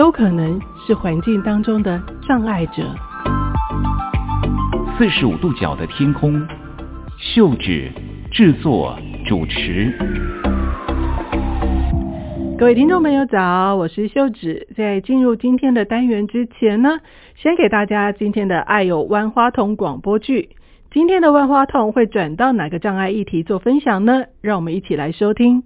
都可能是環境當中的障礙者。四十五度角的天空，秀芷製作主持。各位聽眾朋友早，我是秀芷。在進入今天的單元之前呢，先給大家今天的愛有萬花筒廣播劇。今天的萬花筒會轉到哪個障礙議題做分享呢？讓我們一起來收聽。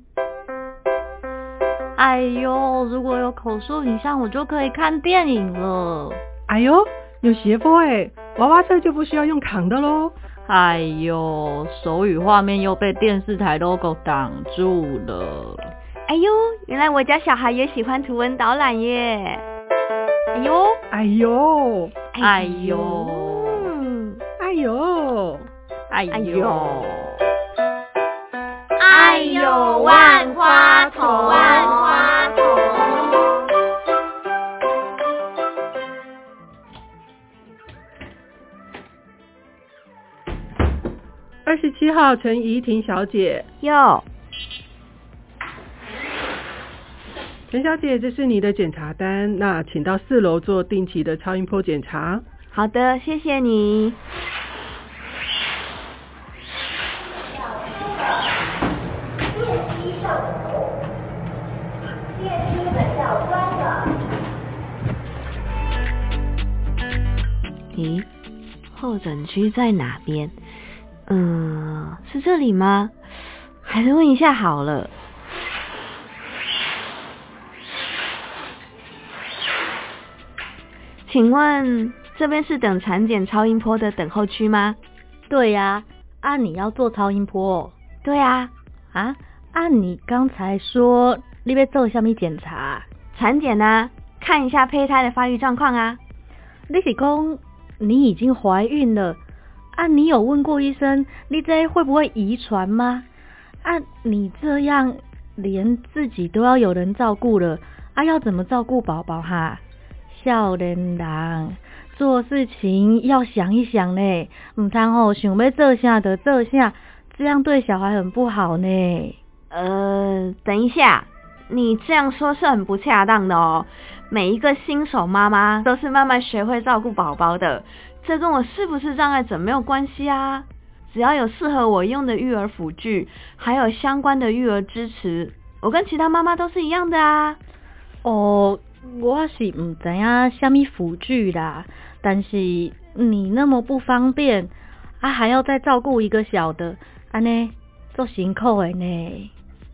哎呦，如果有口述影像，我就可以看電影了。哎呦，有斜坡欸，娃娃車就不需要用扛的嘍。哎呦，手語畫面又被電視台 logo 擋住了。哎呦，原來我家小孩也喜歡圖文導覽耶。哎呦，哎呦，哎呦，哎呦，哎呦，哎呦萬花筒啊！二十七號陳怡婷小姐，喲 Yo，陳小姐，這是你的檢查單，那請到四樓做定期的超音波檢查。好的，謝謝你。電梯門要關了。咦，候診區在哪邊？這裡嗎？還是問一下好了。請問這邊是等產檢超音波的等候區嗎？對呀、啊，啊，你要做超音波，哦？對呀、啊，啊，按、啊、你剛才說你被做什麼檢查？產檢呢、啊，看一下胚胎的發育狀況啊。你是講，你已經懷孕了？啊，你有問過醫生，你這會不會遺傳嗎？啊，你這樣連自己都要有人照顧了，啊，要怎麼照顧寶寶哈？少年郎做事情要想一想呢，你看吼想要這下得這下，這樣對小孩很不好呢。呃，等一下，你這樣說是很不恰當的哦。每一個新手媽媽都是慢慢學會照顧寶寶的。這跟我是不是障礙者沒有關係啊！只要有適合我用的育兒輔具，還有相關的育兒支持，我跟其他媽媽都是一樣的啊。哦，我是唔知下、啊，蝦米輔具啦？但是你那麼不方便，啊，還要再照顧一個小的，啊，安呢做辛苦。誒呢。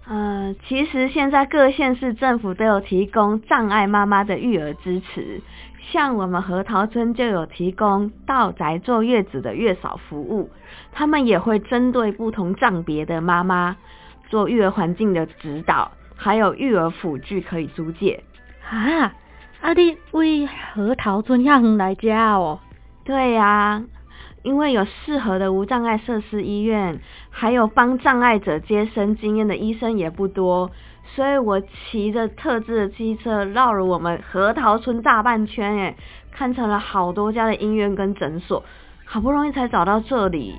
呃，其實現在各縣市政府都有提供障礙媽媽的育兒支持。像我們核桃村就有提供到宅坐月子的月嫂服務，他們也會針對不同障別的媽媽做育兒環境的指導，還有育兒輔具可以租借。啊，阿弟為核桃村下鄉來家哦、喔？對呀、啊，因為有適合的無障礙設施醫院，還有幫障礙者接生經驗的醫生也不多。所以我騎着特制的機車繞了我們核桃村大半圈，哎，看成了好多家的醫院跟診所，好不容易才找到這裡。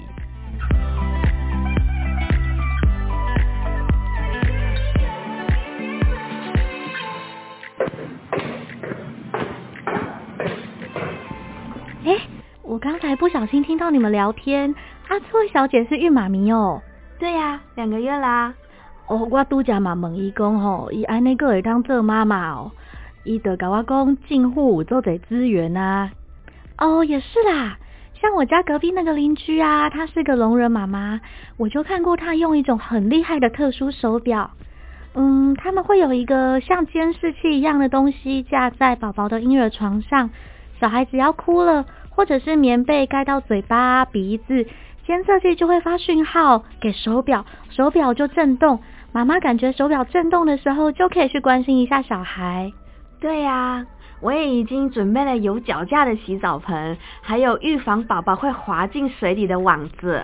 欸、我剛才不小心聽到你們聊天，這位小姐是孕媽咪哦、喔？對呀、啊，兩個月啦。哦，我拄只嘛問伊講吼，伊安尼個會當做媽媽哦，伊就甲我講，進戶做者資源吶、啊。哦，也是啦，像我家隔壁那個鄰居啊，他是個聾人媽媽，我就看過他用一種很厲害的特殊手錶。嗯，他們會有一個像監視器一樣的東西架在寶寶的嬰兒床上，小孩子要哭了，或者是棉被蓋到嘴巴鼻子，監測器就會發訊號給手錶，手錶就震動。媽媽感覺手錶震動的時候，就可以去關心一下小孩。對呀、啊，我也已經準備了有腳架的洗澡盆，還有預防寶寶會滑進水裡的網子。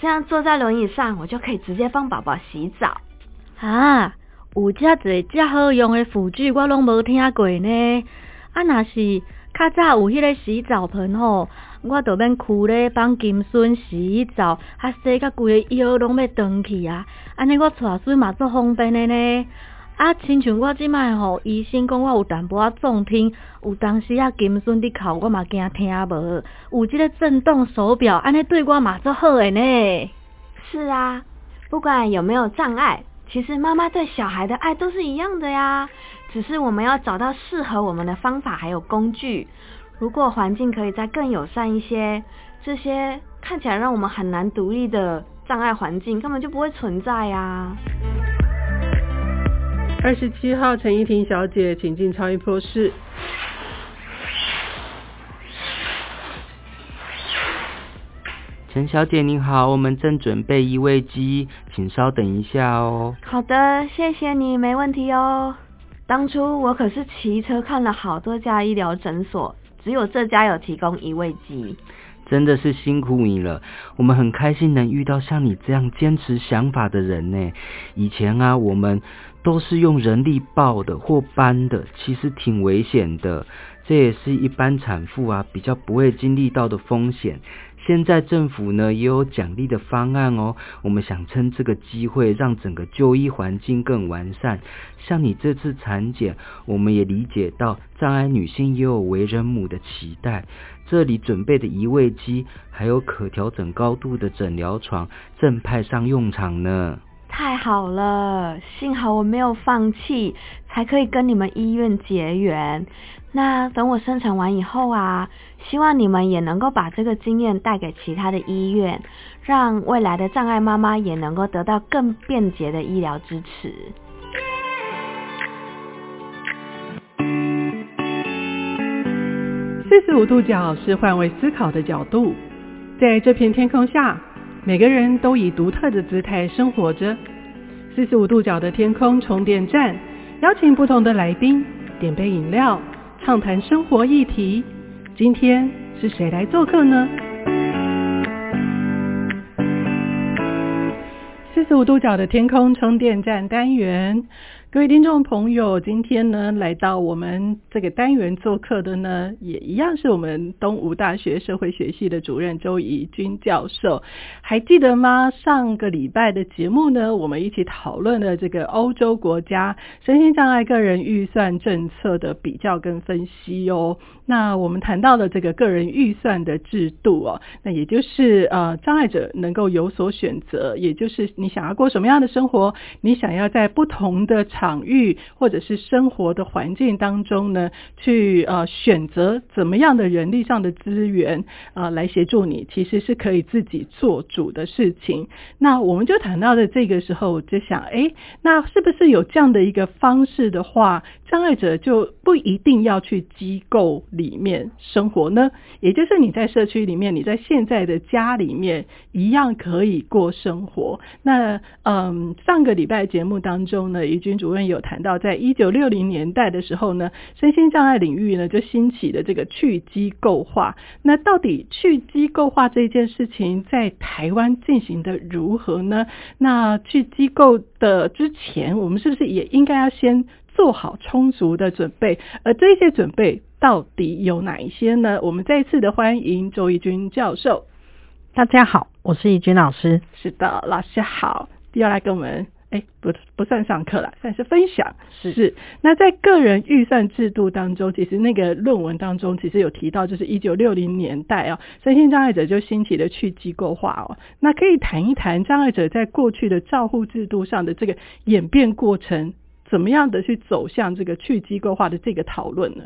這樣坐在輪椅上，我就可以直接幫寶寶洗澡啊！有遮多遮好用的輔具，我攏冇聽過呢。啊，那是較早有一個洗澡盆吼。我都變屋內幫金孫洗澡，啊洗到規個腰攏要斷去啊！安尼我帶水嘛足方便的呢。啊，親像我即賣吼，醫生講我有淡薄啊，重聽，有當時啊金孫佇哭，我嘛驚聽無。有這個震動手表，安尼對我嘛足好的呢。是啊，不管有沒有障礙，其實媽媽對小孩的愛都是一樣的呀。只是我們要找到適合我們的方法還有工具。如果環境可以再更友善一些，這些看起來讓我們很難獨立的障礙環境根本就不會存在啊！二十七號陳依婷小姐，請進超音波室。陳小姐您好，我們正準備移位機，請稍等一下哦。好的，謝謝你，沒問題哦。當初我可是騎車看了好多家醫療診所。只有這家有提供移位機，真的是辛苦你了。我們很開心能遇到像你這樣堅持想法的人呢。以前啊，我們都是用人力抱的或搬的，其實挺危險的。這也是一般產婦啊，比較不會經歷到的風險。現在政府呢，也有獎勵的方案哦，我們想趁這個機會讓整個就醫環境更完善。像你這次產檢，我們也理解到障礙女性也有為人母的期待，這裡準備的移位機還有可調整高度的診療床正派上用場。呢太好了，幸好我沒有放棄，才可以跟你們醫院結緣。那等我生產完以後啊，希望你們也能夠把這個經驗帶給其他的醫院，讓未來的障礙媽媽也能夠得到更便捷的醫療支持。四十五度角是換位思考的角度，在這片天空下，每個人都以獨特的姿態生活着。四十五度角的天空充電站，邀請不同的來賓點杯飲料。暢談生活議題，今天是誰來做客呢？四十五度角的天空充電站單元。各位聽眾朋友，今天呢，來到我們這個單元做客的呢，也一樣是我們東吳大學社會學系的主任周怡君教授。還記得嗎？上個禮拜的節目呢，我們一起討論了這個歐洲國家身心障礙個人預算政策的比較跟分析喲、哦。那我們談到了這個個人預算的制度哦，那也就是呃障礙者能夠有所選擇，也就是你想要過什麼樣的生活，你想要在不同的場域或者是生活的環境當中呢，去呃選擇怎麼樣的人力上的資源啊、呃、來協助你，其實是可以自己做主的事情。那我們就談到了這個時候，我就想，誒，那是不是有這樣的一個方式的話，障礙者就不一定要去機構。裡面生活呢，也就是你在社區裡面，你在現在的家裡面一樣可以過生活。那嗯，上個禮拜節目當中呢，怡君主任有談到，在一九六零年代的時候呢，身心障礙領域呢就興起的這個去機構化。那到底去機構化這件事情在台灣進行得如何呢？那去機構的之前，我們是不是也應該要先做好充足的準備，而這些準備到底有哪一些呢？我們再一次的歡迎周義君周怡君教授。大家好，我是怡君老師。是的，老師好，又來跟我們誒、欸、不不算上課了，算是分享。是，是。那在個人預算制度當中，其實那個論文當中其實有提到，就是一九六零年代哦、喔，身心障礙者就興起的去機構化哦、喔。那可以談一談障礙者在過去的照護制度上的這個演變過程。怎麼樣的去走向這個去機構化的這個討論呢？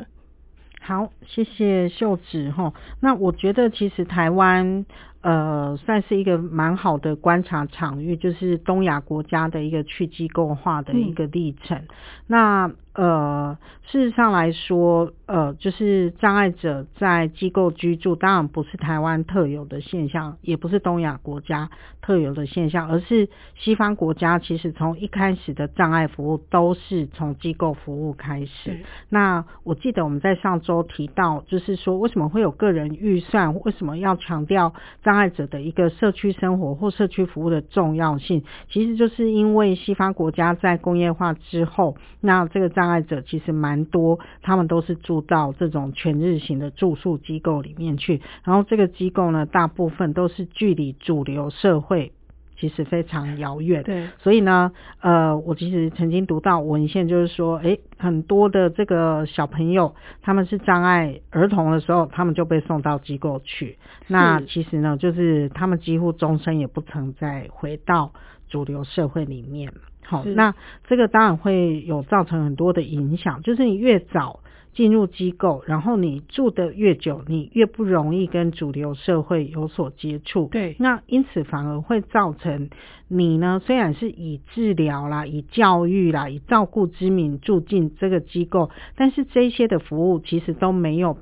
好，謝謝秀芷哈。那我覺得其實台灣呃算是一個蠻好的觀察場域，就是東亞國家的一個去機構化的一個歷程。嗯、那呃，事實上來說，呃，就是障礙者在機構居住，當然不是台灣特有的現象，也不是東亞國家特有的現象，而是西方國家其實從一開始的障礙服務都是從機構服務開始。對那我記得我們在上周提到，就是說為什麼會有個人預算，為什麼要強調障礙者的一個社區生活或社區服務的重要性，其實就是因為西方國家在工業化之後，那這個障礙障礙者其實蠻多，他們都是住到這種全日型的住宿機構裡面去。然後這個機構呢，大部分都是距離主流社會其實非常遙遠。對所以呢，呃，我其實曾經讀到文獻，就是說，哎，很多的這個小朋友，他們是障礙兒童的時候，他們就被送到機構去。是那其實呢，就是他們幾乎終身也不曾再回到主流社會裡面。好，那這個當然會有造成很多的影響，就是你越早進入機構，然後你住的越久，你越不容易跟主流社會有所接觸。對，那因此反而會造成你呢，雖然是以治療啦、以教育啦、以照顧之名住進這個機構，但是這些的服務其實都沒有，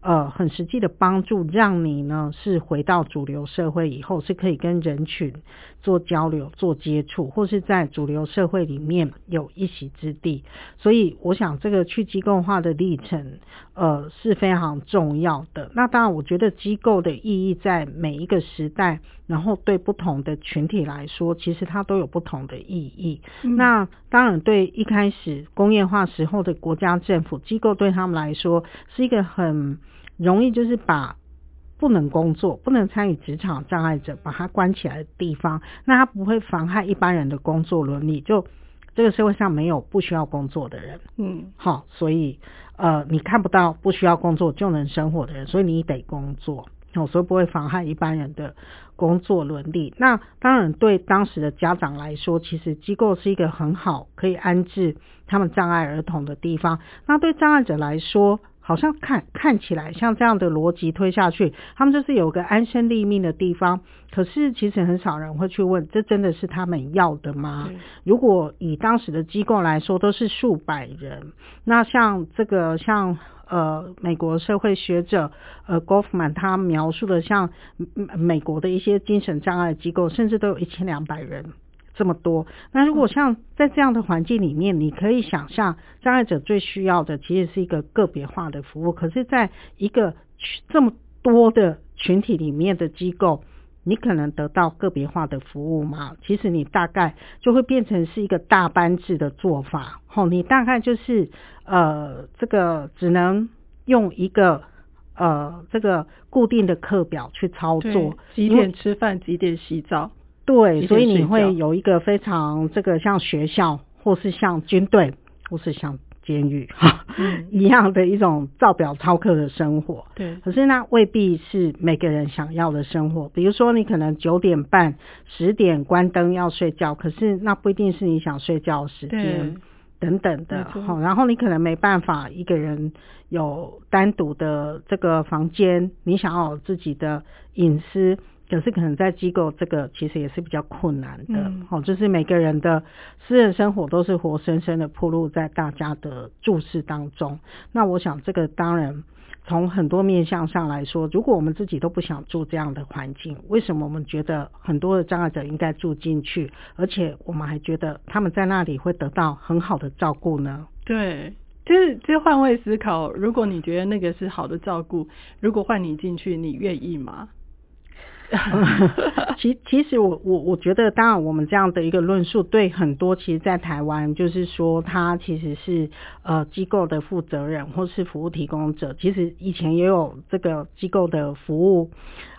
呃，很實際的幫助，讓你呢是回到主流社會以後，是可以跟人群做交流、做接觸，或是在主流社會裡面有一席之地。所以，我想這個去機構化的歷程，呃，是非常重要的。那當然，我覺得機構的意義在每一個時代，然後對不同的群體來說，其實它都有不同的意義。嗯。那當然，對一開始工業化時候的國家政府機構，對他們來說，是一個很容易就是把不能工作、不能參與職場障礙者，把他關起來的地方。那他不會妨害一般人的工作倫理。就這個社會上沒有不需要工作的人，嗯，好、哦，所以呃，你看不到不需要工作就能生活的人，所以你得工作，好、哦，所以不會妨害一般人的工作倫理。那當然，對當時的家長來說，其實機構是一個很好可以安置他們障礙兒童的地方。那對障礙者來說，好像看看起來像這樣的邏輯推下去，他們就是有個安身立命的地方。可是其實很少人會去問，這真的是他們要的嗎？如果以當時的機構來說，都是數百人。那像這個像呃美國社會學者呃 Goffman 他描述的像，像美國的一些精神障礙機構，甚至都有一千兩百人。這麼多，那如果像在這樣的環境裡面，你可以想象障礙者最需要的其實是一個個別化的服務。可是，在一個這麼多的群體裡面的機構，你可能得到個別化的服務嗎？其實你大概就會變成是一個大班制的做法。齁，你大概就是呃，這個只能用一個呃，這個固定的課表去操作，幾點吃飯，為幾點洗澡。對，所以你會有一個非常這個像學校，或是像軍隊，或是像監獄哈一樣的一種照表操課的生活。對，可是那未必是每個人想要的生活。比如說，你可能九點半、十點關燈要睡覺，可是那不一定是你想睡覺時間等等的。好，然後你可能沒辦法一個人有單獨的這個房間，你想要有自己的隱私。可是可能在機構這個其實也是比較困難的，好、嗯，就是每個人的私人生活都是活生生的曝露在大家的注視當中。那我想這個當然從很多面向上來說，如果我們自己都不想住這樣的環境，為什麼我們覺得很多的障礙者應該住進去，而且我們還覺得他們在那裡會得到很好的照顧呢？對，就是就換位思考，如果你覺得那個是好的照顧，如果換你進去，你願意嗎？其 其實我我我覺得，當然我們這樣的一個論述，對很多其實在台灣，就是說他其實是呃機構的負責人或是服務提供者，其實以前也有這個機構的服務。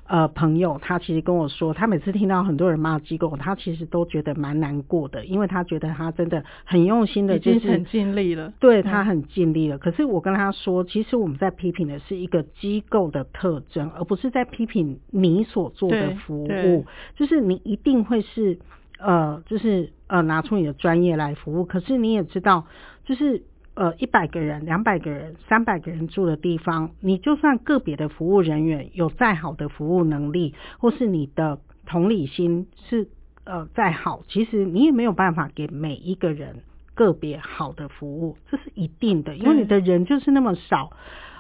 呃，朋友，他其實跟我說，他每次聽到很多人罵機構，他其實都覺得蠻難過的，因為他覺得他真的很用心的，就是很盡力了。對，他很盡力了。嗯。可是我跟他說，其實我們在批評的是一個機構的特徵，而不是在批評你所做的服務。就是你一定會是呃，就是呃，拿出你的專業來服務。可是你也知道，就是。呃，一百個人、兩百個人、三百個人住的地方，你就算個別的服務人員有再好的服務能力，或是你的同理心是呃再好，其實你也沒有辦法給每一個人個別好的服務，這是一定的，因為你的人就是那麼少。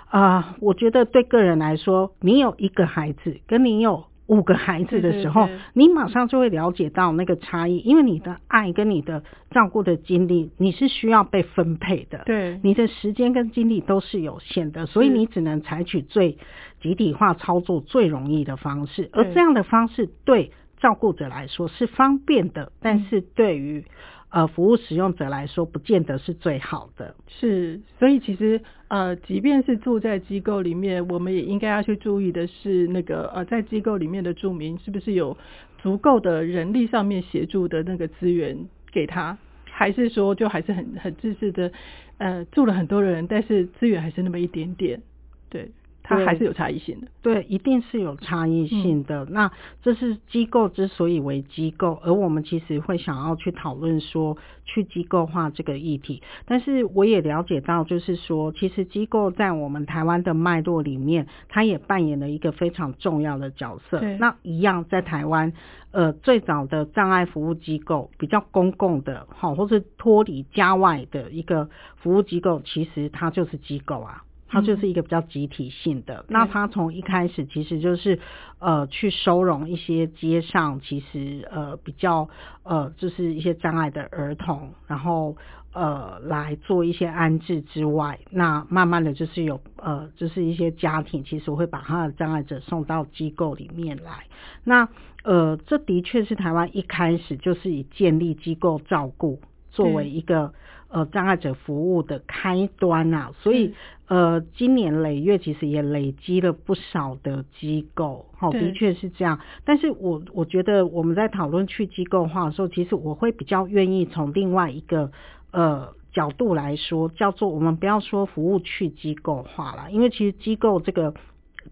啊對、呃，我覺得對個人來說，你有一個孩子，跟你有。五個孩子的時候，你馬上就會了解到那個差異，因為你的愛跟你的照顧的精力，你是需要被分配的。對，你的時間跟精力都是有限的，所以你只能採取最集體化操作最容易的方式，而這樣的方式對照顧者來說是方便的，但是對於。呃，服務使用者來說，不見得是最好的。是，所以其實呃，即便是住在機構裡面，我們也應該要去注意的是，那個呃，在機構裡面的住民是不是有足夠的人力上面協助的那個資源給他，還是說就還是很很自私的呃，住了很多人，但是資源還是那麼一點點，對。它還是有差異性的，對，對，一定是有差異性的。嗯，那這是機構之所以為機構，而我們其實會想要去討論說，去機構化這個議題。但是我也了解到，就是說，其實機構在我們台灣的脈絡裡面，它也扮演了一個非常重要的角色。對那一樣在台灣，呃，最早的障礙服務機構，比較公共的，好，哦，或是脫離家外的一個服務機構，其實它就是機構啊。他就是一個比較集體性的，那他從一開始其實就是呃去收容一些街上其實呃比較呃就是一些障礙的兒童，然後呃來做一些安置之外，那慢慢的就是有呃就是一些家庭其實會把他的障礙者送到機構裡面來，那呃這的確是台灣一開始就是以建立機構照顧作為一個，呃，障礙者服務的開端啊，所以、嗯、呃，今年累月其實也累積了不少的機構，哈，對 的確是這樣。但是我我覺得我們在討論去機構化的時候，其實我會比較願意從另外一個呃角度來說，叫做我們不要說服務去機構化啦，因為其實機構這個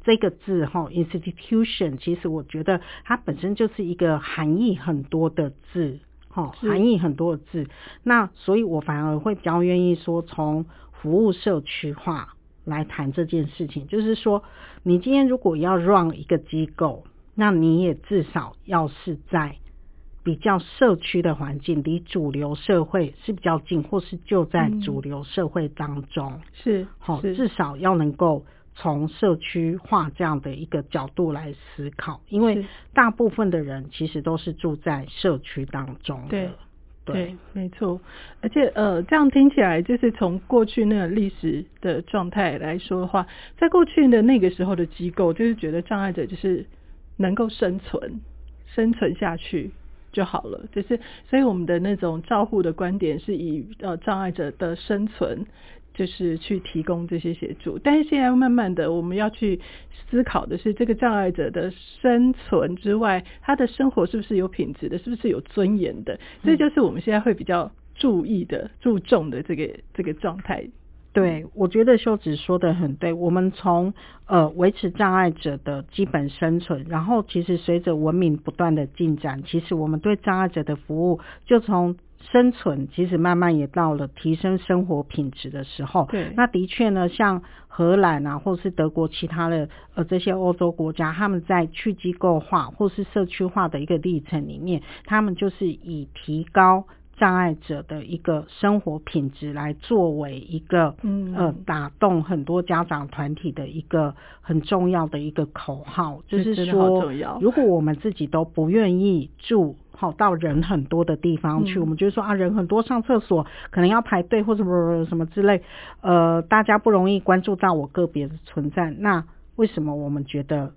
這個字哈，institution，其實我覺得它本身就是一個含義很多的字。好，含義很多的字。是那所以，我反而會比較願意說，從服務社區化來談這件事情，就是說，你今天如果要 run 一個機構，那你也至少要是在比較社區的環境，離主流社會是比較近，或是就在主流社會當中，嗯、是，好，至少要能夠。從社區化這樣的一個角度來思考，因為大部分的人其實都是住在社區當中的，對，對，對，沒錯。而且呃，這樣聽起來就是從過去那個歷史的狀態來說的話，在過去的那個時候的機構，就是覺得障礙者就是能夠生存、生存下去就好了。就是所以我們的那種照護的觀點是以呃障礙者的生存，就是去提供這些協助，但是現在慢慢的我們要去思考的是，這個障礙者的生存之外，他的生活是不是有品質的，是不是有尊嚴的？嗯、所以就是我們現在會比較注意的、注重的這個這個狀態。對，我覺得秀芷說的很對。我們從呃維持障礙者的基本生存，然後其實隨着文明不斷的進展，其實我們對障礙者的服務就從。生存，其實慢慢也到了提升生活品質的時候。對，那的確呢，像荷蘭啊，或是德國其他的呃這些歐洲國家，他們在去機構化或是社區化的一個歷程裡面，他們就是以提高。障礙者的一個生活品質來作為一個，嗯呃，打動很多家長團體的一個很重要的一個口號，就是說，如果我們自己都不願意住，跑到人很多的地方去，我們覺得說啊，人很多，上廁所可能要排隊或者什麼什麼之類，呃，大家不容易關注到我個別的存在，那為什麼我們覺得？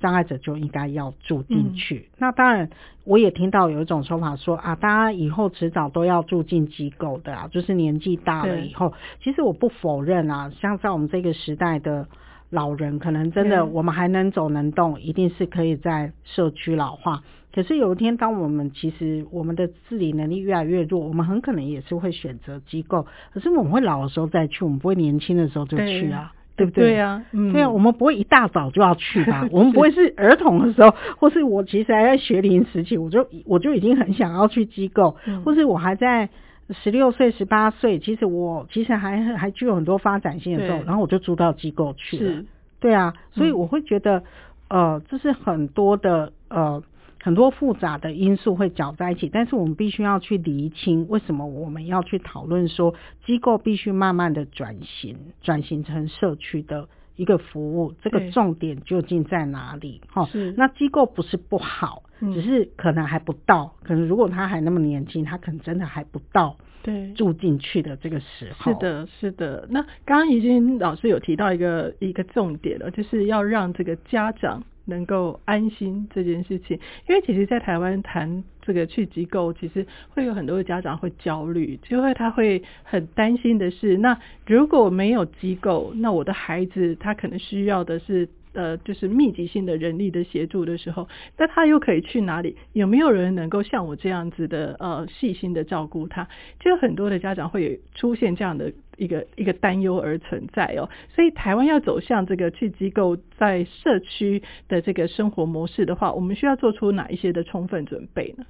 障礙者就應該要住進去。嗯、那當然，我也聽到有一種說法說啊，大家以後遲早都要住進機構的，啊，就是年紀大了以後。其實我不否認啊，像在我們這個時代的老人，可能真的我們還能走能動，一定是可以在社區老化。可是有一天，當我們其實我們的自理能力越來越弱，我們很可能也是會選擇機構。可是我們會老的時候再去，我們不會年輕的時候就去啊。對不對？對啊，對、嗯、呀，我們不會一大早就要去吧？ 是我們不會是兒童的時候，或是我其實還在學齡時期，我就我就已經很想要去機構，嗯、或是我還在十六歲、十八歲，其實我其實還還具有很多發展性的時候，對然後我就住到機構去了。是對啊，所以我會覺得，嗯、呃，這是很多的，呃。很多複雜的因素會攪在一起，但是我們必須要去釐清，為什麼我們要去討論說，機構必須慢慢的轉型，轉型成社區的一個服務，這個重點究竟在哪裡？哈，是，那機構不是不好，嗯、只是可能還不到，可是如果他還那麼年輕，他可能真的還不到，對，住進去的這個時候。是的，是的。那剛剛已經老師有提到一個一個重點了，就是要讓這個家長。能夠安心這件事情，因為其實，在台灣談這個去機構，其實會有很多的家長會焦慮，就會他會很擔心的是，那如果沒有機構，那我的孩子他可能需要的是。呃，就是密集性的人力的協助的時候，那他又可以去哪裡？有沒有人能夠像我這樣子的呃細心的照顧他？就很多的家長會出現這樣的一個一個擔憂而存在哦、喔。所以台灣要走向這個去機構在社區的這個生活模式的話，我們需要做出哪一些的充分準備呢？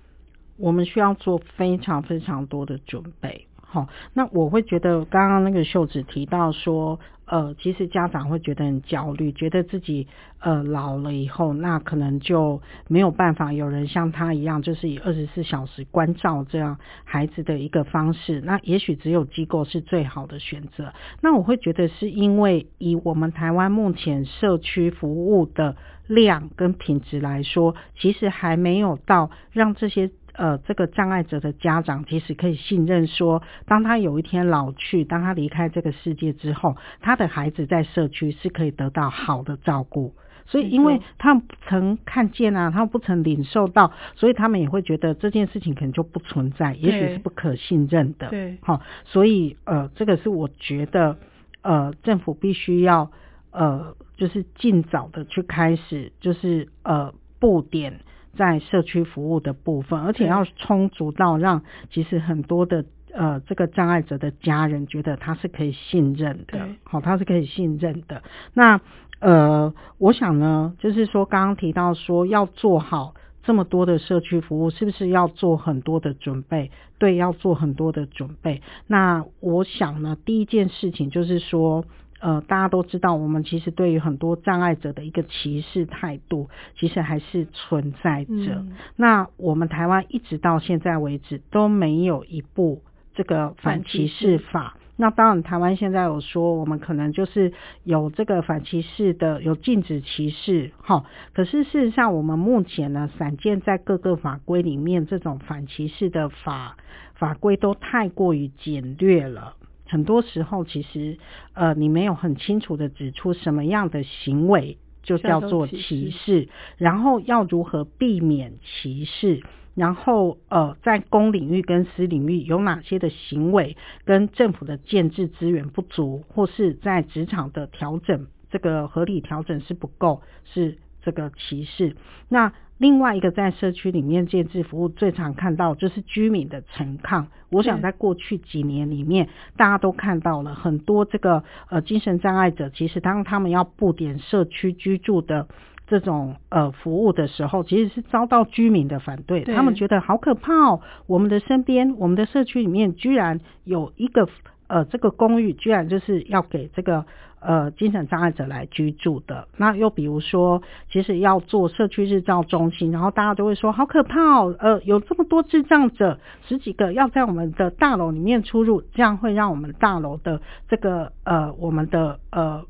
我們需要做非常非常多的準備。好，那我會覺得剛剛那個秀芷提到說。呃，其實家長會覺得很焦慮，覺得自己呃老了以後，那可能就沒有辦法有人像他一樣，就是以二十四小時關照這樣孩子的一個方式。那也許只有機構是最好的選擇。那我會覺得是因為以我們台灣目前社區服務的量跟品質來說，其實還沒有到讓這些。呃，這個障礙者的家長其實可以信任說，說當他有一天老去，當他離開這個世界之後，他的孩子在社區是可以得到好的照顧。所以，因為他們不曾看見啊，他們不曾領受到，所以他們也會覺得這件事情可能就不存在，對也許是不可信任的。對哈，所以呃，這個是我覺得呃，政府必須要呃，就是盡早的去開始，就是呃，布點。在社區服務的部分，而且要充足到讓其實很多的呃這個障礙者的家人覺得他是可以信任的，好對，哦，他是可以信任的。那呃，我想呢，就是說剛剛提到說要做好這麼多的社區服務，是不是要做很多的準備？對，要做很多的準備。那我想呢，第一件事情就是說。呃，大家都知道，我們其實對於很多障礙者的一個歧視態度，其實還是存在着。嗯、那我們台灣一直到現在為止都沒有一部這個反歧視法。反歧視。那當然，台灣現在有說我們可能就是有這個反歧視的，有禁止歧視哈。可是事實上，我們目前呢，散見在各個法規裡面這種反歧視的法法規都太過於簡略了。很多時候，其實，呃，你沒有很清楚地指出什麼樣的行為就叫做歧視，確實。然後要如何避免歧視，然後，呃，在公領域跟私領域有哪些的行為，跟政府的建制資源不足，或是在職場的調整，這個合理調整是不夠，是這個歧視。那另外一個在社區裡面建置服務最常看到就是居民的陳抗，我想在過去幾年裡面，大家都看到了很多這個呃精神障礙者，其實當他們要布點社區居住的這種呃服務的時候，其實是遭到居民的反對，他們覺得好可怕哦，我們的身邊，我們的社區裡面居然有一個呃這個公寓，居然就是要給這個。呃，精神障礙者來居住的。那又比如說，其實要做社區日照中心，然後大家都會說好可怕哦，呃，有這麼多智障者十幾個要在我們的大樓裡面出入，這樣會讓我們大樓的這個呃，我們的呃。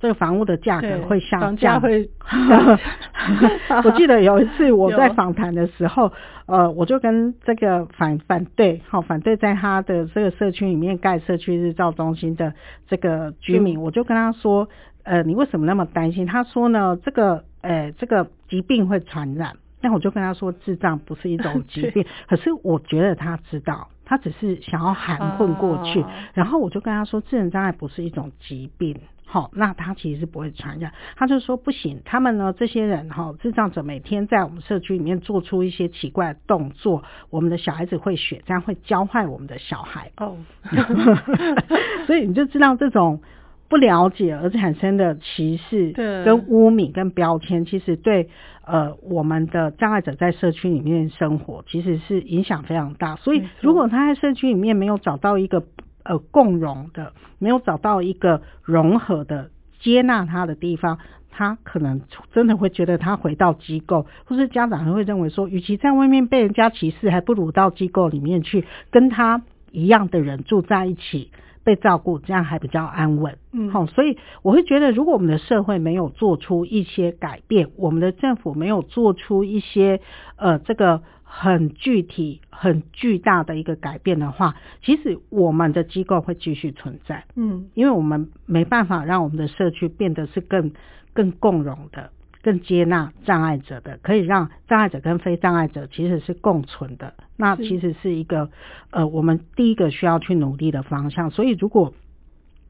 這個房屋的價格會下降。房價會 我記得有一次我在訪談的時候，有呃，我就跟這個反反對，好反對在他的這個社區裡面蓋社區日照中心的這個居民，是我就跟他說，呃，你為什麼那麼擔心？他說呢，這個，呃，這個疾病會傳染。那我就跟他說，智障不是一種疾病。 對可是我覺得他知道，他只是想要含混過去。啊、好好，然後我就跟他說，智能障礙不是一種疾病。哦，那他其實是不會傳染。他就說不行，他們呢這些人哈，智障者每天在我們社區裡面做出一些奇怪的動作，我們的小孩子會學，這樣會教壞我們的小孩哦。Oh. 所以你就知道這種不了解而產生的歧視、跟污名、跟標籤，對其實對呃我們的障礙者在社區裡面生活其實是影響非常大。所以如果他在社區裡面沒有找到一個。呃，共融的沒有找到一個融合的接納他的地方，他可能真的會覺得他回到機構，或是家長還會認為說，與其在外面被人家歧視，還不如到機構裡面去跟他一樣的人住在一起，被照顧，這樣還比較安穩。嗯，好、哦，所以我會覺得，如果我們的社會沒有做出一些改變，我們的政府沒有做出一些呃，這個。很具體、很巨大的一個改變的話，其實我們的機構會繼續存在，嗯，因為我們沒辦法讓我們的社區變得是更、更共融的、更接納障礙者的，可以讓障礙者跟非障礙者其實是共存的。那其實是一個，呃，我們第一個需要去努力的方向。所以如果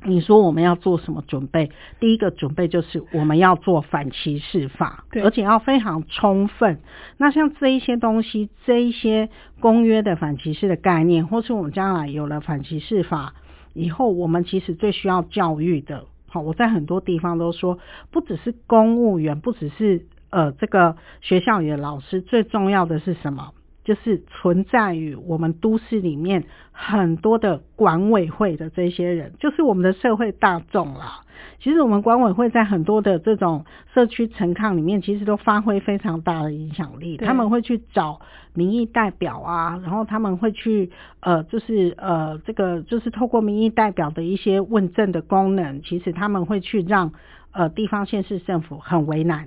你說我們要做什麼準備？第一個準備就是我們要做反歧視法，對而且要非常充分。那像這一些東西，這一些公約的反歧視的概念，或是我們將來有了反歧視法以後，我們其實最需要教育的。好，我在很多地方都說，不只是公務員，不只是呃這個學校裡的老師，最重要的是什麼？就是存在於我們都市裡面很多的管委會的這些人，就是我們的社會大眾啦，其實我們管委會在很多的這種社區陳抗裡面，其實都發揮非常大的影響力。他們會去找民意代表啊，然後他們會去呃，就是呃，這個就是透過民意代表的一些問政的功能，其實他們會去讓呃地方縣市政府很為難，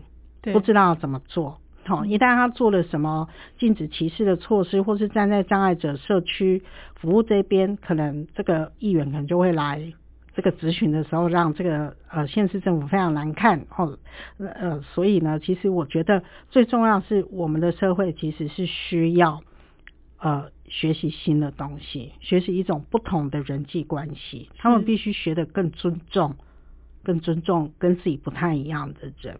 不知道怎麼做。一旦他做了什麼禁止歧視的措施，或是站在障礙者社區服務這邊，可能這個議員可能就會來這個質詢的時候，讓這個呃縣市政府非常難看哦。呃，所以呢，其實我覺得最重要是我們的社會其實是需要呃學習新的東西，學習一種不同的人際關係。他們必須學得更尊重、更尊重跟自己不太一樣的人。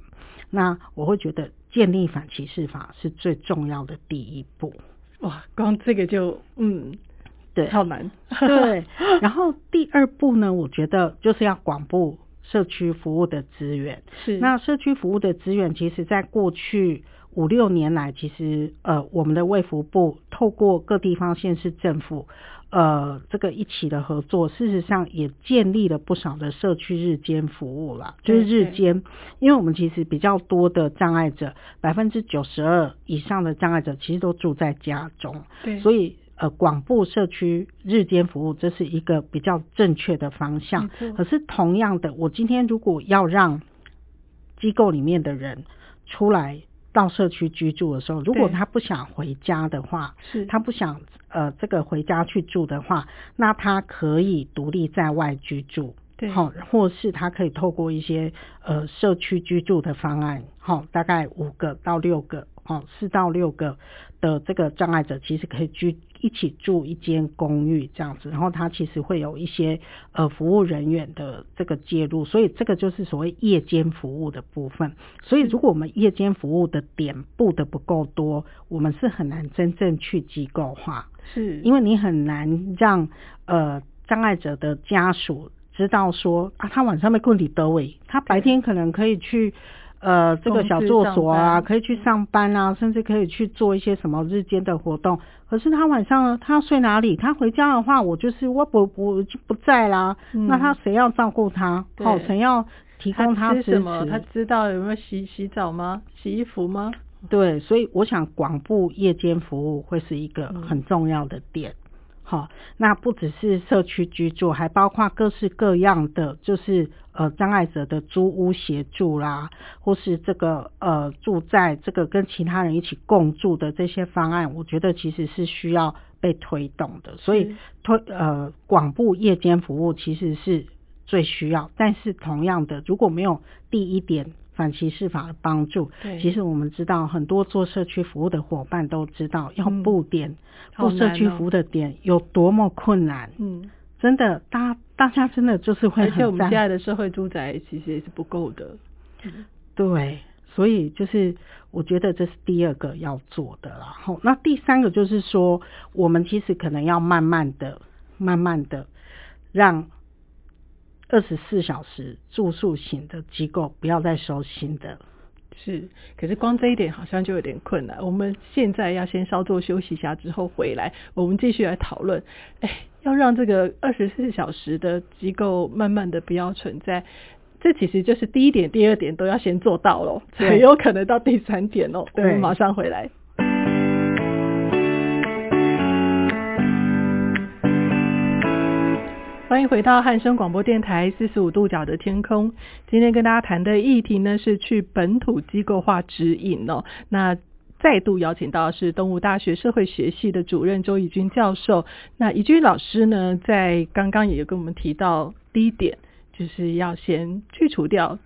那我會覺得。建立反歧視法是最重要的第一步。哇，光這個就嗯，對，好難。對， 然後第二步呢，我覺得就是要廣布社區服務的資源。是，那社區服務的資源，其實在過去五六年來，其實呃，我們的衛福部透過各地方縣市政府。呃，這個一起的合作，事實上也建立了不少的社區日間服務啦。對就是日間，對因為我們其實比較多的障礙者，百分之九十二以上的障礙者其實都住在家中，對所以呃，廣布社區日間服務這是一個比較正確的方向。對可是同樣的，我今天如果要讓機構裡面的人出來，到社區居住的時候，如果他不想回家的話，是，他不想呃這個回家去住的話，那他可以獨立在外居住，對，好、哦，或是他可以透過一些呃社區居住的方案，好、哦，大概五個到六個，好、哦，四到六個的這個障礙者其實可以居住。一起住一間公寓這樣子，然後他其實會有一些呃服務人員的這個介入，所以這個就是所謂夜間服務的部分。所以如果我們夜間服務的點布的不夠多，我們是很難真正去機構化，是因為你很難讓呃障礙者的家屬知道說啊，他晚上沒困李德偉，他白天可能可以去。呃，這個小作所啊，可以去上班啊，甚至可以去做一些什麼日間的活動。可是他晚上他睡哪裡？他回家的話，我就是我不不就不在啦。嗯、那他誰要照顧他？好對，誰要提供他支持？他知道有沒有洗洗澡嗎？洗衣服嗎？對，所以我想廣布夜間服務會是一個很重要的點。嗯、好，那不只是社區居住，還包括各式各樣的，就是。呃，障礙者的租屋協助啦，或是這個呃，住在這個跟其他人一起共住的這些方案，我覺得其實是需要被推動的。所以推呃，廣布夜間服務其實是最需要。但是同樣的，如果沒有第一點反歧視法的幫助，對其實我們知道很多做社區服務的夥伴都知道要布點布，嗯哦、社區服務的點有多麼困難。嗯。真的，大家大家真的就是會，而且我們現在的社會住宅其實也是不夠的，嗯、對，所以就是我覺得這是第二個要做的，然後那第三個就是說，我們其實可能要慢慢的、慢慢的讓二十四小時住宿型的機構不要再收新的，是，可是光這一點好像就有點困難。我們現在要先稍作休息一下，之後回來我們繼續來討論。哎。要讓這個二十四小時的機構慢慢的不要存在，這其實就是第一點、第二點都要先做到咯，很對有可能到第三點咯、哦、對，對，馬上回來。對歡迎回到漢聲廣播電台四十五度角的天空，今天跟大家談的議題呢，是去本土機構化指引哦。那再度邀請到的是東吳大學社會學系的主任周怡君教授。那怡君老師呢，在剛剛也有跟我們提到，第一點就是要先去除掉。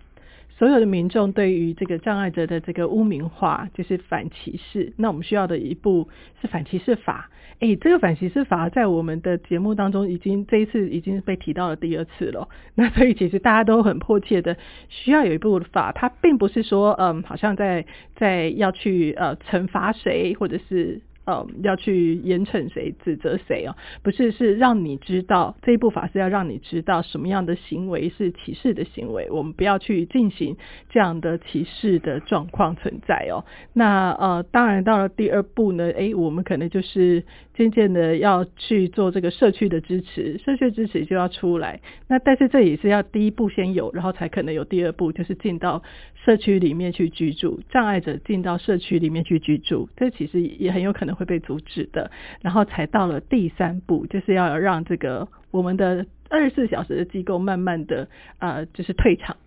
所有的民眾對於這個障礙者的這個污名化，就是反歧視。那我們需要的一部是反歧視法。哎、欸，這個反歧視法在我們的節目當中已經這一次已經被提到了第二次了。那所以其實大家都很迫切的需要有一部法，它並不是說嗯，好像在在要去呃懲罰誰或者是。呃、嗯，要去嚴懲誰、指責誰哦。不是，是讓你知道這一部法是要讓你知道什麼樣的行為是歧視的行為，我們不要去進行這樣的歧視的狀況存在哦。那呃，當然到了第二步呢，誒，我們可能就是。漸漸的要去做這個社區的支持，社區的支持就要出來。那但是這也是要第一步先有，然後才可能有第二步，就是進到社區裡面去居住，障礙者進到社區裡面去居住，這其實也很有可能會被阻止的。然後才到了第三步，就是要讓這個我們的二十四小時的機構慢慢的啊、呃，就是退場。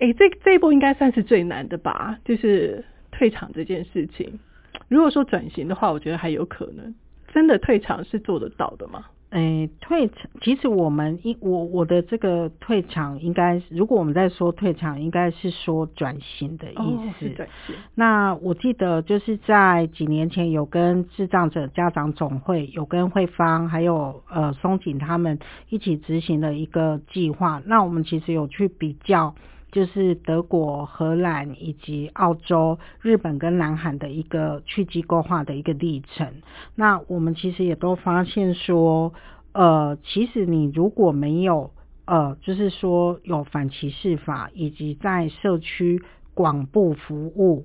誒，這這一步應該算是最難的吧？就是退場這件事情。如果說轉型的話，我覺得還有可能。真的退場是做得到的嗎？誒、欸，退場其實我們應我我的這個退場應，應該如果我們在說退場，應該是說轉型的意思。哦、那我記得就是在幾年前有跟智障者家長總會有跟慧芳還有呃松井他們一起執行的一個計劃。那我們其實有去比較。就是德國、荷蘭以及澳洲、日本跟南韓的一個去機構化的一個歷程。那我們其實也都發現說，呃，其實你如果沒有，呃，就是說有反歧視法以及在社區廣布服務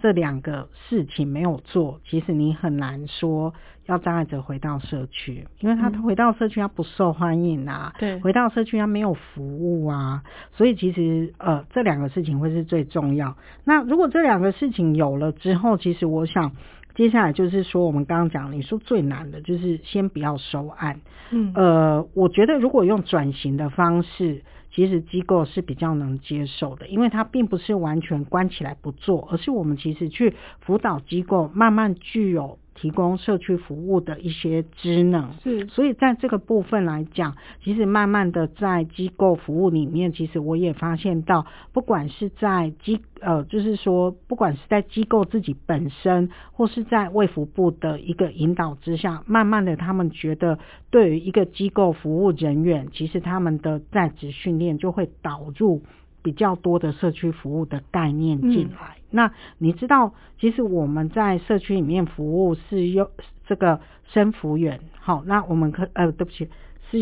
這兩個事情沒有做，其實你很難說。要障礙者回到社區，因為他回到社區他不受歡迎吶、啊，嗯、對，回到社區他沒有服務啊，所以其實呃這兩個事情會是最重要。那如果這兩個事情有了之後，其實我想接下來就是說我們剛剛講，你說最難的就是先不要收案，嗯，呃，我覺得如果用轉型的方式，其實機構是比較能接受的，因為它並不是完全關起來不做，而是我們其實去輔導機構慢慢具有。提供社區服務的一些職能，是，所以在這個部分來講，其實慢慢的在機構服務裡面，其實我也發現到，不管是在機呃，就是說，不管是在機構自己本身，或是在衛福部的一個引導之下，慢慢的他們覺得，對於一個機構服務人員，其實他們的在職訓練就會導入。比較多的社區服務的概念進來，嗯、那你知道，其實我們在社區裡面服務是用這個生服員，好，那我們可呃，對不起。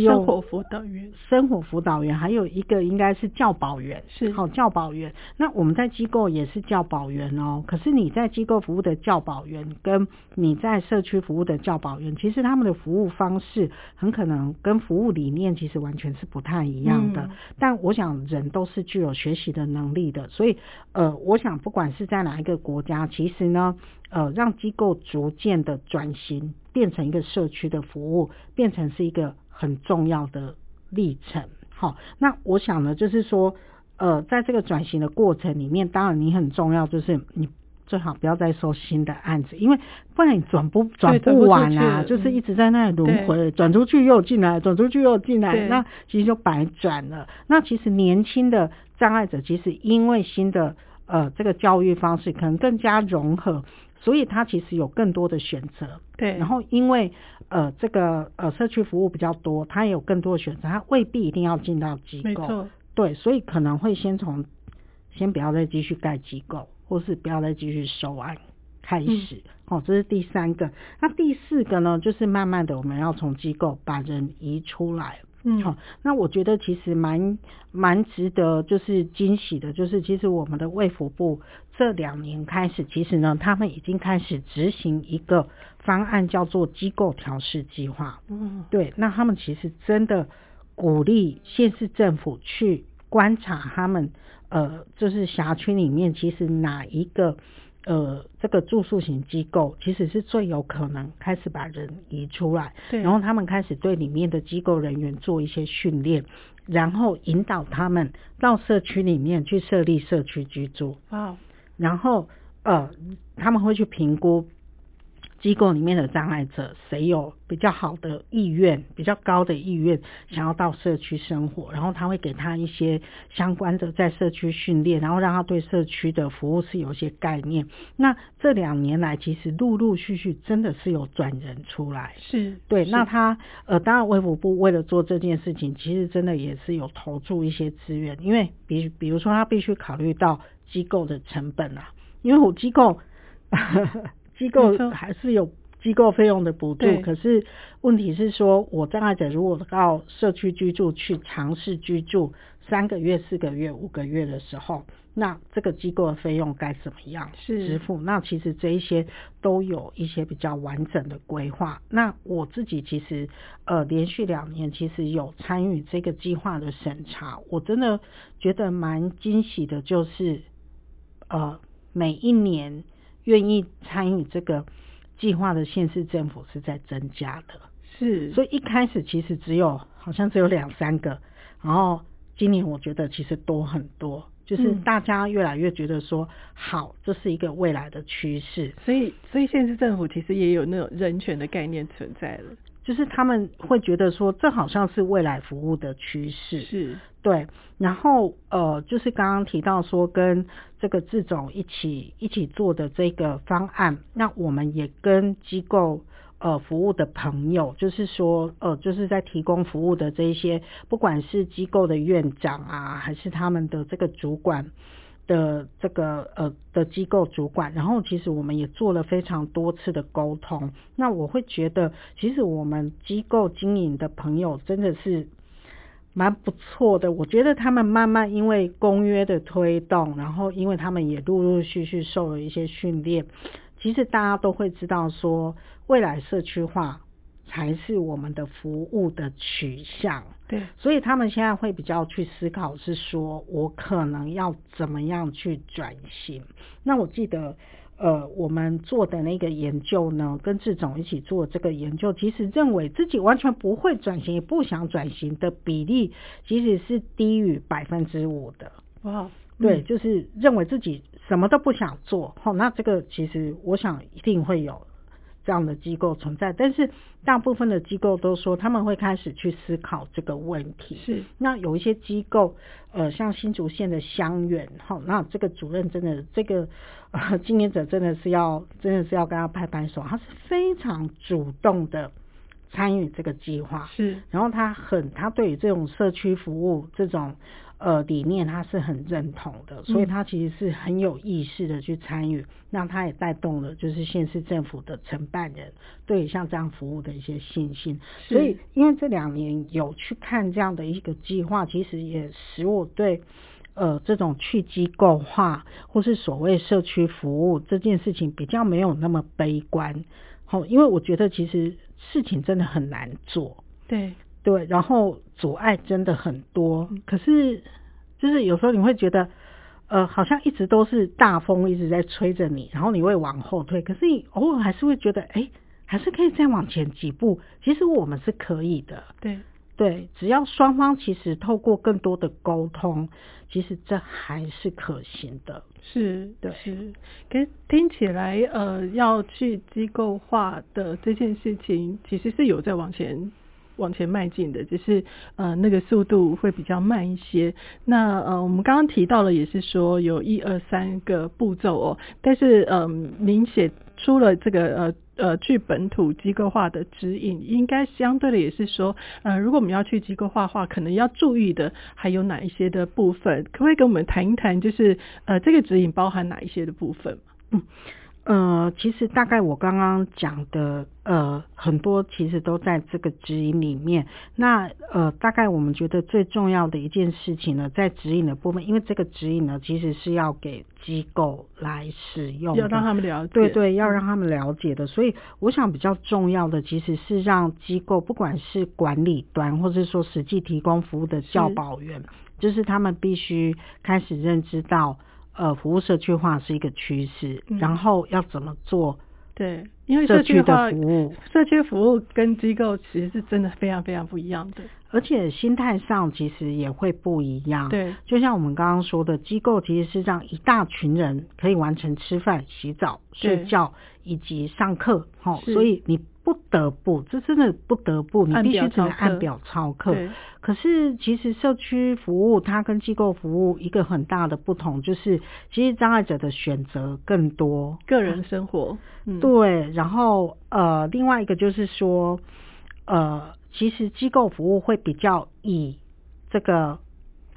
生活輔導員、生活輔導員，還有一個應該是教保員，是，好，教保員。那我們在機構也是教保員哦。可是你在機構服務的教保員，跟你在社區服務的教保員，其實他們的服務方式，很可能跟服務理念其實完全是不太一樣的。嗯，但我想，人都是具有學習的能力的，所以呃，我想不管是在哪一個國家，其實呢，呃，讓機構逐漸的轉型，變成一個社區的服務，變成是一個。很重要的歷程。好，那我想呢，就是說，呃，在這個轉型的過程裡面，當然你很重要，就是你最好不要再說新的案子，因為不然你轉不轉不完啦，啊，就是一直在那裡輪迴，轉對出去又進來，轉出去又進來，對那其實就白轉了。那其實年輕的障礙者，其實因為新的呃這個教育方式，可能更加融合。所以他其實有更多的選擇，對。然後因為呃這個呃社區服務比較多，他也有更多的選擇，他未必一定要進到機構，沒錯。對，所以可能會先從先不要再繼續蓋機構，或是不要再繼續收案開始，哦、嗯，這是第三個。那第四個呢，就是慢慢的我們要從機構把人移出來。嗯，好、哦，那我覺得其實蠻蠻值得，就是驚喜的，就是其實我們的衛福部這兩年開始，其實呢，他們已經開始執行一個方案，叫做機構調試計劃。嗯，對，那他們其實真的鼓勵縣市政府去觀察他們，呃，就是轄區裡面其實哪一個。呃，這個住宿型機構其實是最有可能開始把人移出來，對然後他們開始對裡面的機構人員做一些訓練，然後引導他們到社區裡面去設立社區居住，啊 Wow，然後呃，他們會去評估。機構裡面的障礙者，誰有比較好的意願、比較高的意願，想要到社區生活，然後他會給他一些相關的在社區訓練，然後讓他對社區的服務是有一些概念。那這兩年來，其實陸陸續續真的是有轉人出來，是對。是那他呃，當然，衛福部為了做這件事情，其實真的也是有投注一些資源，因為比如比如說他必須考慮到機構的成本啊，因為我機構。呵呵機構還是有機構費用的補助，說可是問題是說，對我障礙者如果到社區居住去嘗試居住三個月、四個月、五個月的時候，那這個機構的費用該怎麼樣支付？是那其實這一些都有一些比較完整的規劃。那我自己其實呃，連續兩年其實有參與這個計劃的審查，我真的覺得蠻驚喜的，就是呃，每一年。願意參與這個計劃的縣市政府是在增加的，是，所以一開始其實只有好像只有兩三個，然後今年我覺得其實多很多，就是大家越來越覺得說、嗯、好，這是一個未來的趨勢，所以所以縣市政府其實也有那種人權的概念存在了，就是他們會覺得說這好像是未來服務的趨勢，是。對，然後呃，就是剛剛提到說跟這個志總一起一起做的這個方案，那我們也跟機構呃服務的朋友，就是說呃，就是在提供服務的這一些，不管是機構的院長啊，還是他們的這個主管的這個呃的機構主管，然後其實我們也做了非常多次的溝通，那我會覺得，其實我們機構經營的朋友真的是，蠻不錯的，我覺得他們慢慢因為公約的推動，然後因為他們也陸陸續續受了一些訓練，其實大家都會知道說，未來社區化才是我們的服務的取向，對，所以他們現在會比較去思考是說我可能要怎麼樣去轉型。那我記得。呃，我們做的那個研究呢，跟智總一起做這個研究，其實認為自己完全不會轉型，也不想轉型的比例，其實是低於百分之五的。哇，Wow, 對，嗯，就是認為自己什麼都不想做哈，哦，那這個其實我想一定會有。這樣的機構存在，但是大部分的機構都說他們會開始去思考這個問題。是，那有一些機構，呃，像新竹縣的香遠哈，那這個主任真的，這個，呃，經營者真的是要，真的是要跟他拍拍手，他是非常主動的參與這個計劃。是，然後他很他對於這種社區服務這種。呃，理念，他是很認同的，所以他其實是很有意識的去參與，那、嗯、他也帶動了就是縣市政府的承辦人對像這樣服務的一些信心。是所以，因為這兩年有去看這樣的一個計劃，其實也使我對呃這種去機構化或是所謂社區服務這件事情比較沒有那麼悲觀。好、哦，因為我覺得其實事情真的很難做。對對，然後。阻礙真的很多，可是就是有時候你會覺得，呃，好像一直都是大風一直在吹着你，然後你會往後退。可是你偶爾還是會覺得，哎、欸，還是可以再往前幾步。其實我們是可以的，對對，只要雙方其實透過更多的溝通，其實這還是可行的。是，對，是，可是聽起來，呃，要去機構化的這件事情，其實是有在往前。往前邁進的，就是呃，那個速度會比較慢一些。那呃，我們剛剛提到了，也是說有一二三個步驟哦。但是嗯，您、呃、寫出了這個呃呃去本土機構化的指引，應該相對的也是說，呃如果我們要去機構化的話，可能要注意的還有哪一些的部分？可不可以跟我們談一談，就是呃這個指引包含哪一些的部分？嗯。呃，其實大概我剛剛講的，呃，很多其實都在這個指引裡面。那呃，大概我們覺得最重要的一件事情呢，在指引的部分，因為這個指引呢，其實是要給機構來使用的，要讓他們了解。對對，要讓他們了解的。嗯、所以我想比較重要的其實是讓機構，不管是管理端，或者說實際提供服務的教保員，是就是他們必須開始認知到。呃，服務社區化是一個趨勢，嗯、然後要怎麼做？對，因為社區的服務，社區服務跟機構其實是真的非常非常不一樣的，而且心態上其實也會不一樣。對，就像我們剛剛說的，機構其實是讓一大群人可以完成吃飯、洗澡、對睡覺以及上課，哦對，所以你。不得不，這真的不得不，你必須只能按表操課。對。可是其實社區服務它跟機構服務一個很大的不同，就是其實障礙者的選擇更多。個人生活，嗯。對。然後呃，另外一個就是說，呃，其實機構服務會比較以這個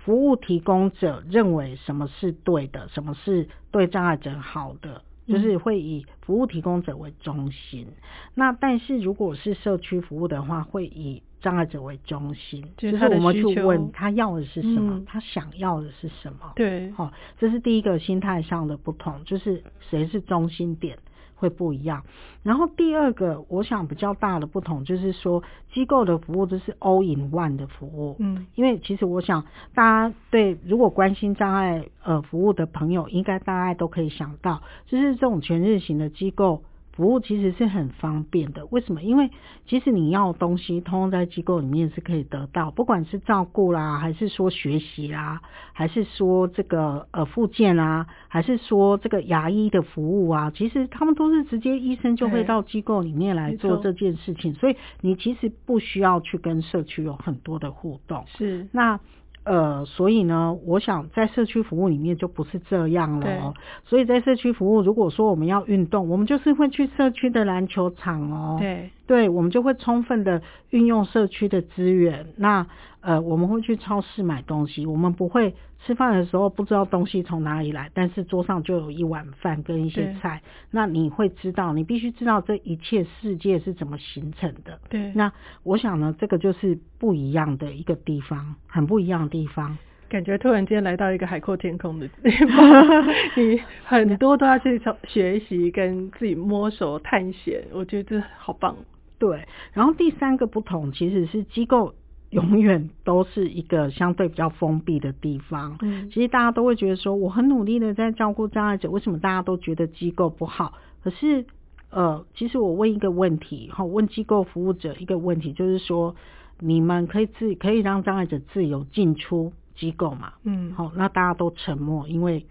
服務提供者認為什麼是對的，什麼是對障礙者好的。就是會以服務提供者為中心，嗯、那但是如果是社區服務的話，會以障礙者為中心，就是，就是我們去問他要的是什麼，嗯、他想要的是什麼。對，好，這是第一個心態上的不同，就是誰是中心點。會不一樣，然後第二個，我想比較大的不同就是說，機構的服務就是 all in one 的服務，嗯，因為其實我想大家對如果關心障礙呃服務的朋友，應該大家都可以想到，就是這種全日型的機構。服務其實是很方便的，為什麼？因為其實你要的東西，通通在機構裡面，是可以得到，不管是照顧啦，還是說學習啦，還是說這個呃復健啊，還是說這個牙醫的服務啊，其實他們都是直接醫生就會到機構裡面來做這件事情，對所以你其實不需要去跟社區有很多的互動。是，那。呃，所以呢，我想在社區服務裡面就不是這樣了。對。所以在社區服務，如果說我們要運動，我們就是會去社區的籃球場喔。對。對，我們就會充分的運用社區的資源。那呃，我們會去超市買東西，我們不會。吃飯的時候不知道東西從哪裡來，但是桌上就有一碗飯跟一些菜，對那你會知道，你必須知道這一切世界是怎麼形成的。對，那我想呢，這個就是不一樣的一個地方，很不一樣的地方。感覺突然間來到一個海闊天空的地方， 你很多都要去學習跟自己摸索探險，我覺得這好棒。對，然後第三個不同其實是機構。永遠都是一個相對比較封閉的地方。其實大家都會覺得說，我很努力的在照顧障礙者，為什麼大家都覺得機構不好？可是，呃，其實我問一個問題，哈，問機構服務者一個問題，就是說，你們可以自己可以讓障礙者自由進出機構嘛？嗯，好，那大家都沉默，因為。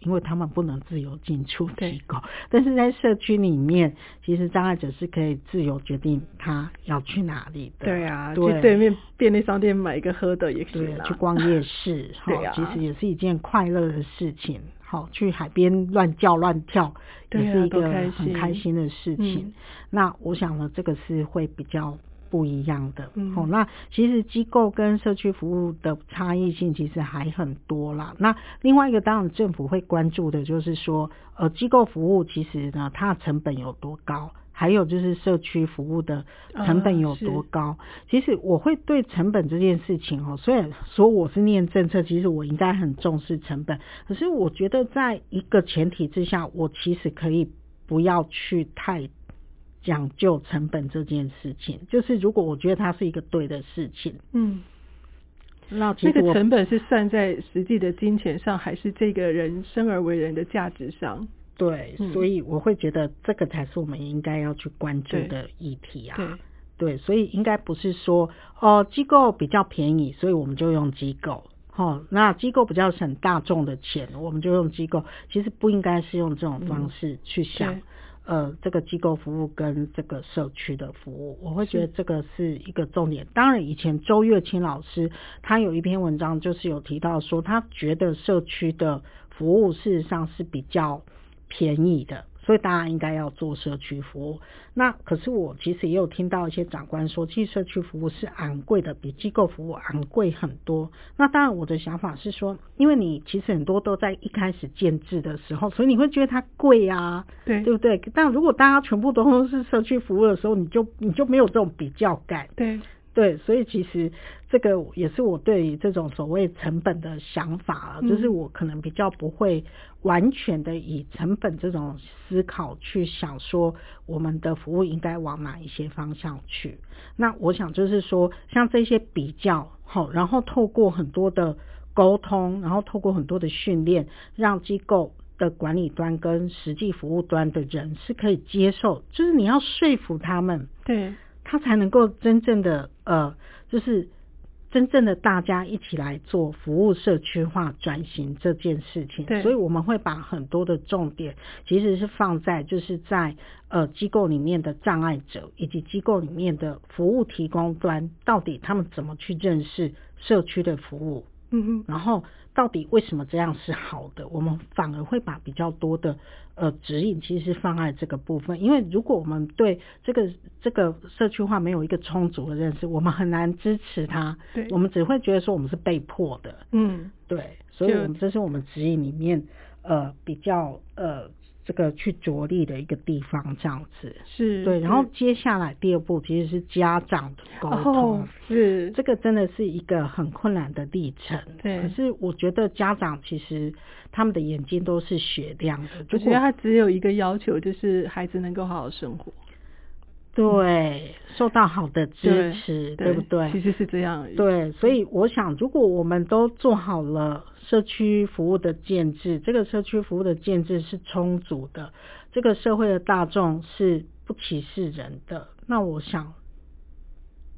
因為他們不能自由進出機構，對但是在社區裡面，其實障礙者是可以自由決定他要去哪裡的。對啊，對，去對面便利商店買一個喝的也可以。對，去逛夜市，好、啊。其實也是一件快樂的事情。好、啊，去海邊亂叫亂跳、啊、也是一個很開心的事情。嗯、那我想呢，這個是會比較。不一樣的哦，嗯、那其實，機構跟社區服務的差異性其實還很多啦。那另外一個當然政府會關注的，就是說呃機構服務其實呢，它的成本有多高，還有就是社區服務的成本有多高。嗯、其實我會對成本這件事情哦，雖然說我是念政策，其實我應該很重視成本。可是我覺得在一個前提之下，我其實可以不要去太講究成本這件事情，就是如果我覺得它是一個對的事情，嗯，那這個成本是算在實際的金錢上，還是這個人生而為人的價值上？對，嗯、所以我會覺得這個才是我們應該要去關注的議題啊。對，對，對，所以應該不是說哦，呃、機構比較便宜，所以我們就用機構。好，那機構比較省大眾的錢，我們就用機構。其實不應該是用這種方式去想。嗯呃，這個機構服務跟這個社區的服務，我會覺得這個是一個重點。是當然，以前周月清老師他有一篇文章，就是有提到說，他覺得社區的服務事實上是比較便宜的。所以大家應該要做社區服務。那可是我其實也有聽到一些長官說，其實社區服務是昂貴的，比機構服務昂貴很多。那當然我的想法是說，因為你其實很多都在一開始建制的時候，所以你會覺得它貴啊，對，對不對？但如果大家全部都是社區服務的時候，你就你就沒有這種比較感。對。對，所以其實這個也是我對於這種所謂成本的想法，就是我可能比較不會完全的以成本這種思考去想說我們的服務應該往哪一些方向去。那我想就是說，像這些比較好，然後透過很多的溝通，然後透過很多的訓練，讓機構的管理端跟實際服務端的人是可以接受，就是你要說服他們。對。他才能夠真正的呃，就是真正的大家一起來做服務社區化轉型這件事情。對所以我們會把很多的重點其實是放在，就是在呃機構裡面的障礙者，以及機構裡面的服務提供端，到底他們怎麼去認識社區的服務。嗯嗯哼，然後。到底為什麼這樣是好的？我們反而會把比較多的呃指引，其實是放在這個部分。因為如果我們對這個這個社區化沒有一個充足的認識，我們很難支持它。對，我們只會覺得說我們是被迫的。嗯，對，所以我們這是我們指引裡面呃比較呃。這個去着力的一個地方，這樣子，是，對。然後接下來第二步其實是家長的溝通，是，這個真的是一個很困難的歷程。對，可是我覺得家長其實他們的眼睛都是雪亮的。就覺得他只有一個要求，就是孩子能夠好好生活，對，受到好的支持，對，對不對，對？其實是這樣。對，所以我想，如果我們都做好了。社區服務的建制，這個社區服務的建制是充足的，這個社會的大眾是不歧視人的。那我想，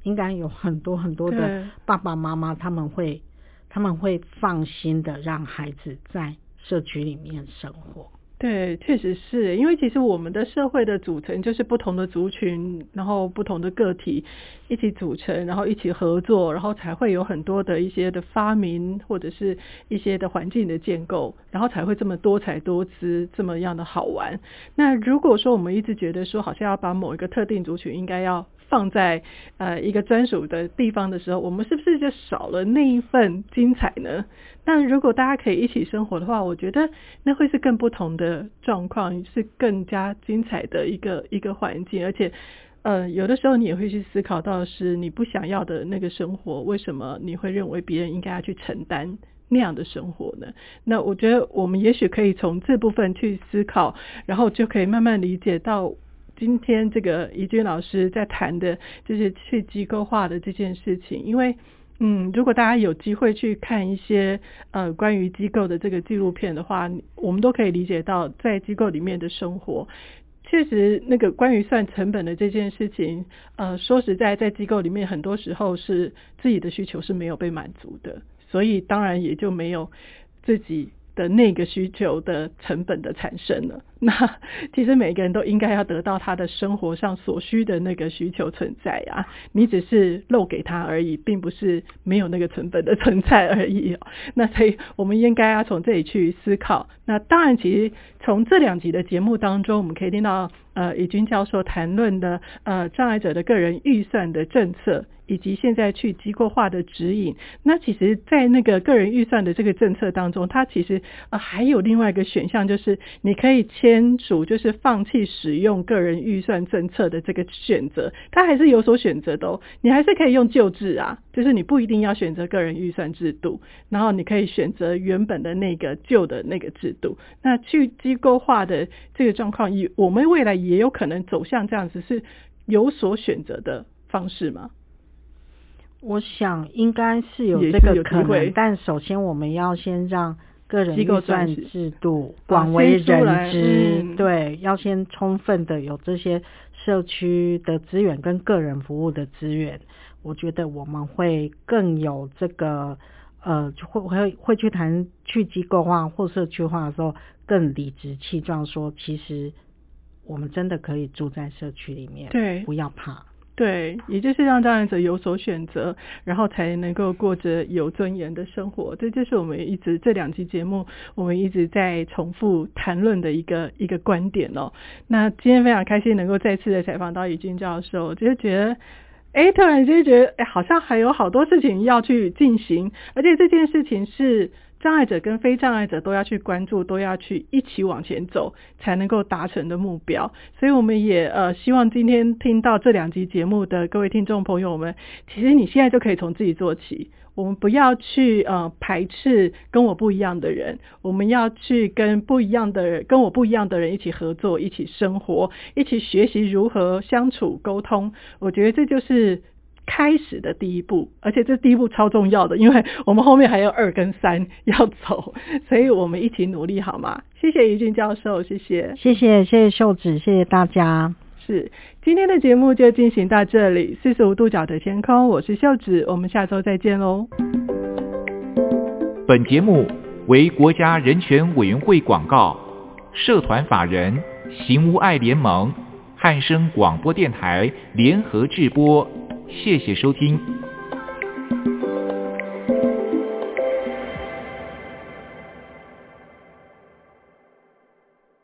應該有很多很多的爸爸媽媽他們會，對他們會放心的讓孩子在社區裡面生活。對，確實是因為其實我們的社會的組成就是不同的族群，然後不同的個體一起組成，然後一起合作，然後才會有很多的一些的發明或者是一些的環境的建構，然後才會這麼多彩多姿，這麼樣的好玩。那如果說我們一直覺得說，好像要把某一個特定族群應該要，放在呃一個專屬的地方的時候，我們是不是就少了那一份精彩呢？但如果大家可以一起生活的話，我覺得那會是更不同的狀況，是更加精彩的一個一個環境。而且，呃，有的時候你也會去思考到，是你不想要的那個生活，為什麼你會認為別人應該要去承擔那樣的生活呢？那我覺得我們也許可以從這部分去思考，然後就可以慢慢理解到。今天這個怡君老師在談的就是去機構化的這件事情，因為嗯，如果大家有機會去看一些呃關於機構的這個紀錄片的話，我們都可以理解到，在機構裡面的生活確實那個關於算成本的這件事情，呃，說實在，在機構裡面很多時候是自己的需求是沒有被滿足的，所以當然也就沒有自己的那個需求的成本的產生了，那其實每個人都應該要得到他的生活上所需的那個需求存在呀啊，你只是漏給他而已，並不是沒有那個成本的存在而已啊。那所以我們應該要啊從這裡去思考。那當然，其實從這兩集的節目當中，我們可以聽到。呃，怡君教授談論的呃障礙者的個人預算的政策，以及現在去機構化的指引。那其實，在那個個人預算的這個政策當中，它其實、呃、還有另外一個選項，就是你可以簽署，就是放棄使用個人預算政策的這個選擇。它還是有所選擇的，喔，哦，你還是可以用舊制啊，就是你不一定要選擇個人預算制度，然後你可以選擇原本的那個舊的那個制度。那去機構化的這個狀況，以我們未來以。也有可能走向這樣子，是有所選擇的方式嗎？我想應該是有這個可能，但首先我們要先讓個人預算制度廣為人知，對，要先充分的有這些社區的資源跟個人服務的資源，我覺得我們會更有這個呃，會會會去談去機構化或社區化的時候，更理直氣壯說其實。我們真的可以住在社區裡面，對，不要怕，對，也就是讓障礙者有所選擇，然後才能夠過着有尊嚴的生活。這就是我們一直這兩期節目，我們一直在重複談論的一個一個觀點哦。那今天非常開心能夠再次的採訪到怡君教授，我就是覺得，誒突然就覺得，誒，覺得誒好像還有好多事情要去進行，而且這件事情是。障礙者跟非障礙者都要去關注，都要去一起往前走，才能夠達成的目標。所以，我們也呃希望今天聽到這兩集節目的各位聽眾朋友們，其實你現在就可以從自己做起。我們不要去呃排斥跟我不一樣的人，我們要去跟不一樣的人，跟我不一樣的人一起合作，一起生活，一起學習如何相處溝通。我覺得這就是。開始的第一步，而且這第一步超重要的，因為我們後面還有二跟三要走，所以我們一起努力好嗎？謝謝怡君教授，謝謝，謝謝謝謝秀芷，謝謝大家。是今天的節目就進行到這裡，四十五度角的天空，我是秀芷，我們下周再見嘍。本節目為國家人權委員會廣告，社團法人行無礙聯盟、漢聲廣播電台聯合製播。謝謝收聽。